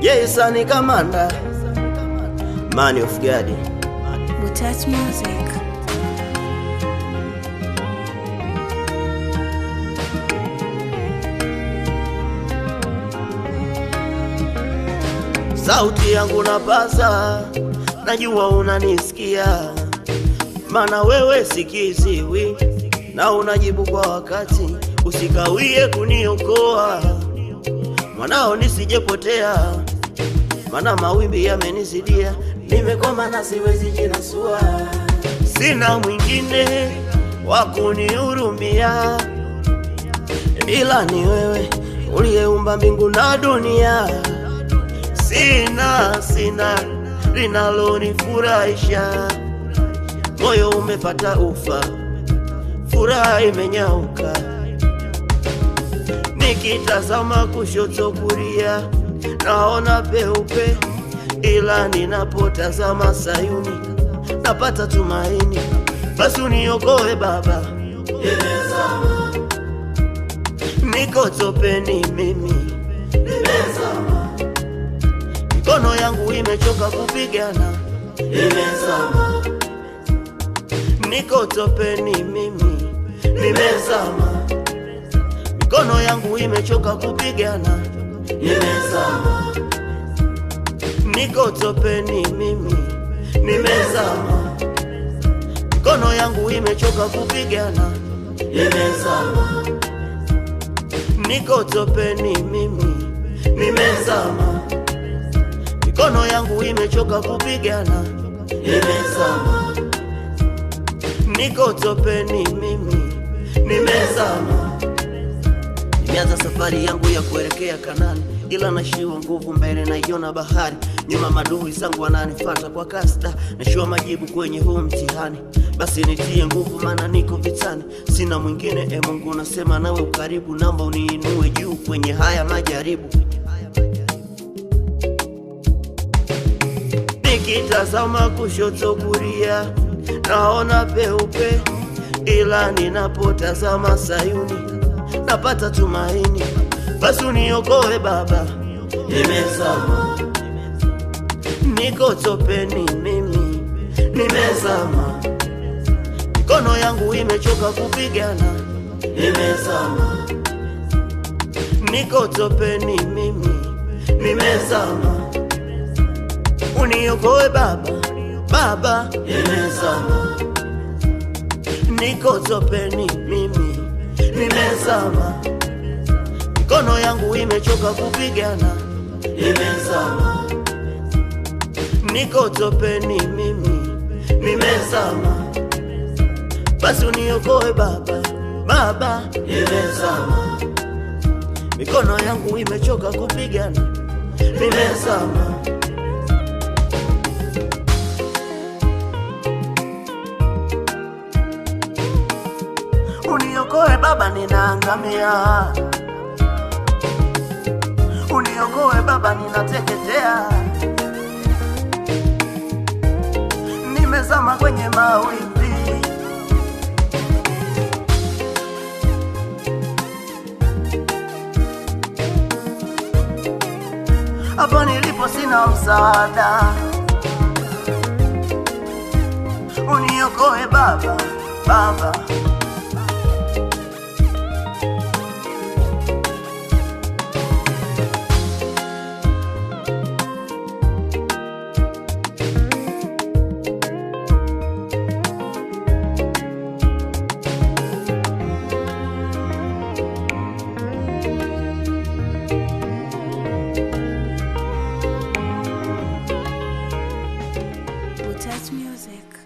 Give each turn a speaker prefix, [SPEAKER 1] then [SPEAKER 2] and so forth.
[SPEAKER 1] Yesa kamanda Man of God Butat Music Sauti yangu napaza, najua unanisikia, mana wewe sikiziwi na unajibu kwa wakati. Usikawie kuniokoa mwanao, nisijepotea mana mawimbi yamenizidia, nimekwama na siwezi jinasua, sina mwingine wa kunihurumia ila ni wewe uliyeumba mbingu na dunia. Sina sina linalonifurahisha, moyo umepata ufa, furaha imenyauka, nikitazama kushoto kulia naona peupe, ila ninapotazama Sayuni napata tumaini. Basi uniokoe Baba,
[SPEAKER 2] nimezama,
[SPEAKER 1] niko topeni mimi,
[SPEAKER 2] nimezama,
[SPEAKER 1] mikono yangu imechoka kupigana, niko topeni mimi,
[SPEAKER 2] nimezama,
[SPEAKER 1] mikono yangu imechoka kupigana
[SPEAKER 2] nimezama,
[SPEAKER 1] niko topeni mimi,
[SPEAKER 2] nimezama,
[SPEAKER 1] mikono yangu imechoka kupigana,
[SPEAKER 2] nimezama,
[SPEAKER 1] niko topeni mimi,
[SPEAKER 2] nimezama,
[SPEAKER 1] mikono yangu imechoka kupigana,
[SPEAKER 2] nimezama,
[SPEAKER 1] niko topeni mimi,
[SPEAKER 2] nimezama
[SPEAKER 1] Nianza safari yangu ya kuelekea Kanani, ila nashiwa nguvu mbele, naiona bahari nyuma, maadui zangu wananifata kwa kasta nashiwa majibu kwenye huu mtihani. Basi nitie nguvu, maana niko vitani, sina mwingine. E Mungu, nasema nawe ukaribu, namba uniinue juu kwenye haya majaribu. Nikitazama kushoto kulia, naona peupe, ila ninapotazama Sayuni napata tumaini, basi uniokoe Baba,
[SPEAKER 2] nimezama,
[SPEAKER 1] niko topeni mimi,
[SPEAKER 2] nimezama,
[SPEAKER 1] mikono yangu imechoka kupigana,
[SPEAKER 2] nimezama,
[SPEAKER 1] niko topeni mimi,
[SPEAKER 2] nimezama,
[SPEAKER 1] uniokoe Baba, Baba,
[SPEAKER 2] nimezama,
[SPEAKER 1] niko topeni mimi
[SPEAKER 2] nimezama,
[SPEAKER 1] mikono yangu imechoka kupigana,
[SPEAKER 2] nimezama,
[SPEAKER 1] niko topeni mimi,
[SPEAKER 2] nimezama,
[SPEAKER 1] basi uniokoe Baba, Baba,
[SPEAKER 2] nimezama,
[SPEAKER 1] mikono yangu imechoka kupigana,
[SPEAKER 2] nimezama
[SPEAKER 1] ninaangamia, uniokoe Baba, ninateketea, nimezama kwenye mawimbi. Hapo nilipo sina msaada, uniokoe Baba, Baba That's music.